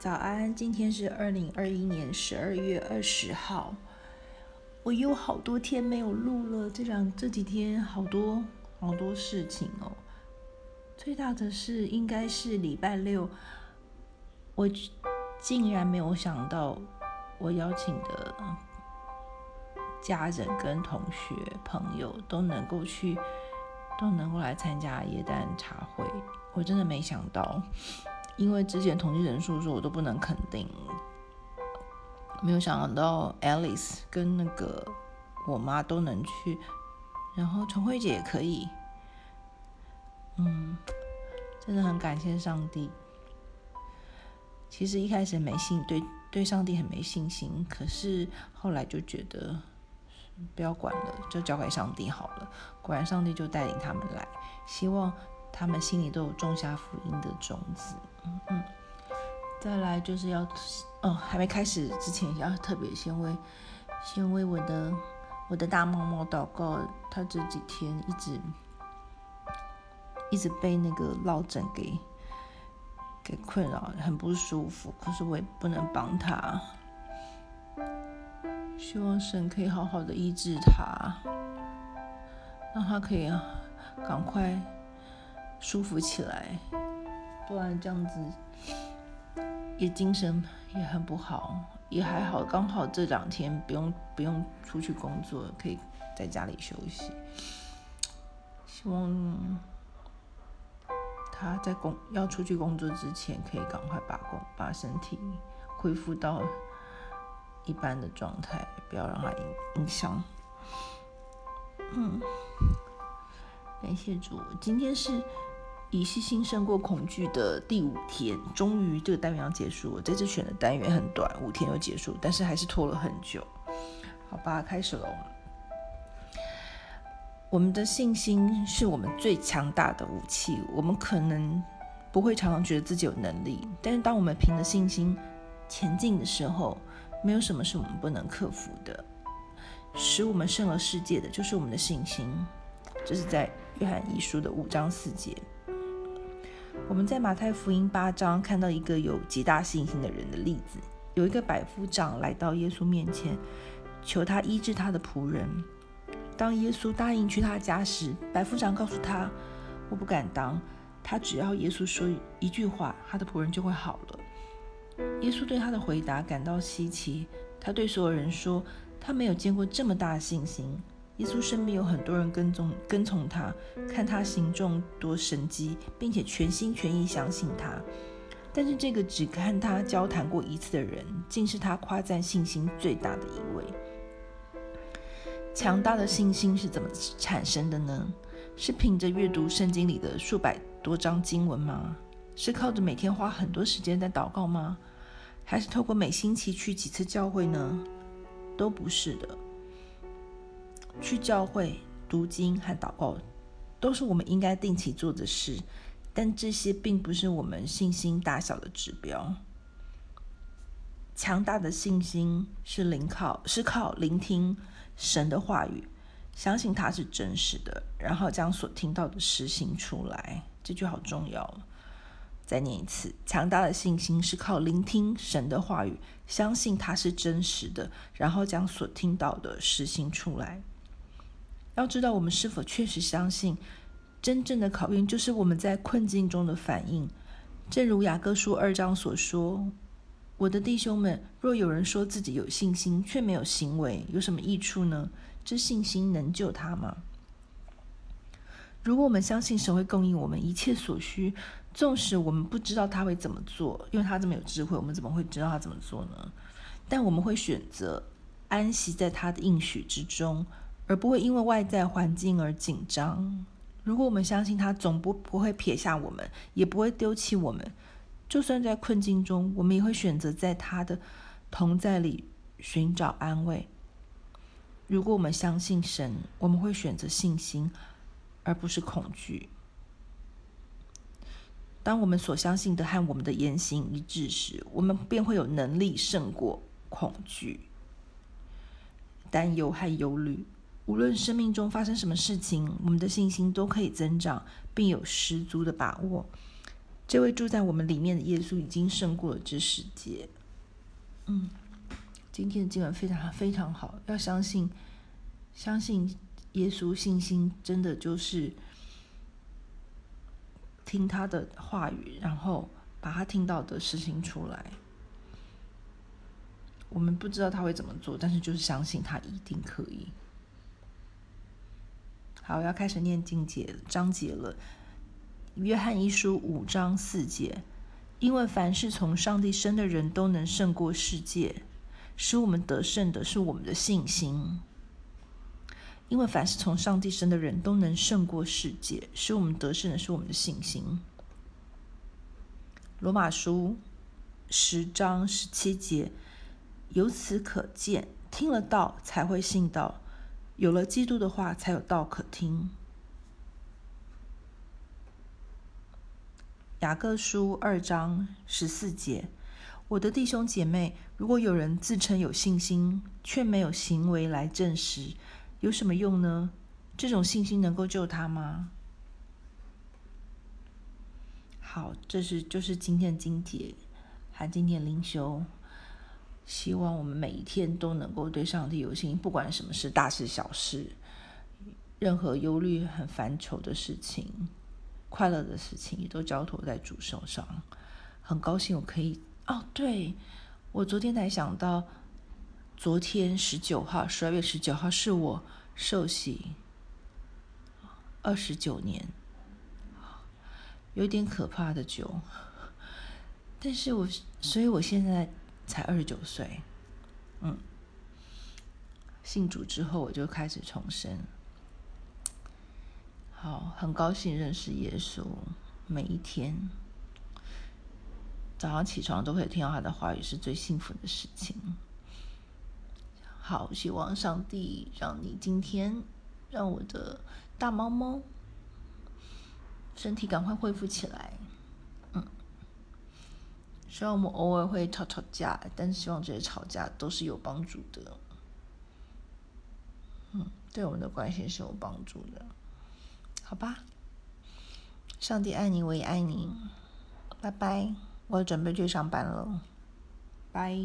早安，今天是二零二一年十二月二十號，我又好多天沒有錄了，這兩這幾天好多好多事情哦。最大的事應該是禮拜六，我竟然沒有想到，我邀請的家人跟同學朋友都能夠去，都能夠來參加耶誕茶會，我真的沒想到。因為之前統計人數的時候，我都不能肯定。沒有想到 Alice 跟那個我媽都能去，然後重輝姐也可以。嗯，真的很感謝上帝。其實一開始沒信，對對上帝很沒信心，可是後來就覺得不要管了，就交給上帝好了。果然上帝就帶領他們來，希望。他們心裡都有種下福音的種子嗯。嗯嗯，再來就是要，哦，還沒開始之前要特別先為先為我的我的大貓貓禱告。它這幾天一直一直被那個落枕給給困擾，很不舒服。可是我也不能幫它，希望神可以好好的醫治它，讓它可以趕、啊、快，舒服起來，不然這樣子也精神也很不好，也還好，剛好這兩天不用不用出去工作，可以在家裡休息。希望他在工要出去工作之前，可以趕快把工，把身體恢復到一般的狀態，不要讓它影影響。嗯，感謝主，今天是。以信心勝過恐懼的第五天，終於這個單元要結束了。我在這次選的單元很短，五天就結束，但是還是拖了很久。好吧，開始了。我們的信心是我們最強大的武器。我們可能不會常常覺得自己有能力，但是當我們憑着信心前進的時候，沒有什麼是我們不能克服的。使我們勝了世界的，就是我們的信心。這，就是在約翰一書的五章四節。我們在馬太福音八章看到一個有極大信心的人的例子。有一個百夫長來到耶穌面前，求他醫治他的僕人。當耶穌答應去他家時，百夫長告訴他：“我不敢當，他只要耶穌說一句話，他的僕人就會好了。”耶穌對他的回答感到希奇，他對所有人說：“他沒有見過這麼大的信心。”耶穌身邊有很多人跟從，跟從他，看他行眾多神蹟，並且全心全意相信他。但是這個只看他交談過一次的人，竟是他誇讚信心最大的一位。強大的信心是怎麼產生的呢？是憑着閱讀聖經裡的數百多章經文嗎？是靠着每天花很多時間在禱告嗎？還是透過每星期去幾次教會呢？都不是的。去教會讀經和禱告，都是我們應該定期做的事。但這些並不是我們信心大小的指標。強大的信心是臨靠，是靠聆聽神的話語，相信它是真實的，然後將所聽到的實行出來。這句好重要，再念一次：強大的信心是靠聆聽神的話語，相信它是真實的，然後將所聽到的實行出來。要知道，我們是否確實相信，真正的考驗就是我們在困境中的反應。正如雅各書二章所說：“我的弟兄們，若有人說自己有信心，卻沒有行為，有什麼益處呢？這信心能救他嗎？”如果我們相信神會供應我們一切所需，縱使我們不知道他會怎麼做，因為他這麼有智慧，我們怎麼會知道他怎麼做呢？但我們會選擇安息在他的應許之中。而不會因為外在環境而緊張。如果我們相信他，總不不會撇下我們，也不會丟棄我們。就算在困境中，我們也會選擇在他的同在裡尋找安慰。如果我們相信神，我們會選擇信心，而不是恐懼。當我們所相信的和我們的言行一致時，我們便會有能力勝過恐懼、擔憂和憂慮。無論生命中發生什麼事情，我們的信心都可以增長，並有十足的把握。這位住在我們裡面的耶穌已經勝過了這世界。嗯，今天的經文非常非常好。要相信，相信耶穌，信心真的就是聽他的話語，然後把他聽到的事情出來。我們不知道他會怎麼做，但是就是相信他一定可以。好，我要開始念經節章節了。約翰一書五章四節，因為凡是從上帝生的人都能勝過世界，使我們得勝的是我們的信心。因為凡是從上帝生的人都能勝過世界，使我們得勝的是我們的信心。羅馬書十章十七節，由此可見，聽了道才會信道，有了基督的話，才有道可聽。雅各書二章十四節：我的弟兄姐妹，如果有人自稱有信心，卻沒有行為來證實，有什麼用呢？這種信心能夠救他嗎？好，這是就是今天的經節，還今天的靈修。希望我們每一天都能夠對上帝有信心，不管什麼事大事小事，任何憂慮、很煩愁的事情、快樂的事情，也都交托在主手上。很高興我可以哦，對，我昨天才想到，昨天十九號，十二月十九號是我受洗二十九年，有點可怕的久。但是我所以我現在。才二十九歲，嗯，信主之後我就開始重生，好，很高興認識耶穌，每一天早上起床都會聽到他的話語，是最幸福的事情。好，希望上帝讓你今天讓我的大貓貓身體趕快恢復起來。雖然我們偶爾會吵吵架，但是希望這些吵架都是有幫助的，嗯，對我們的關係是有幫助的，好吧？上帝愛你，我也愛你，拜拜！我要準備去上班了。拜。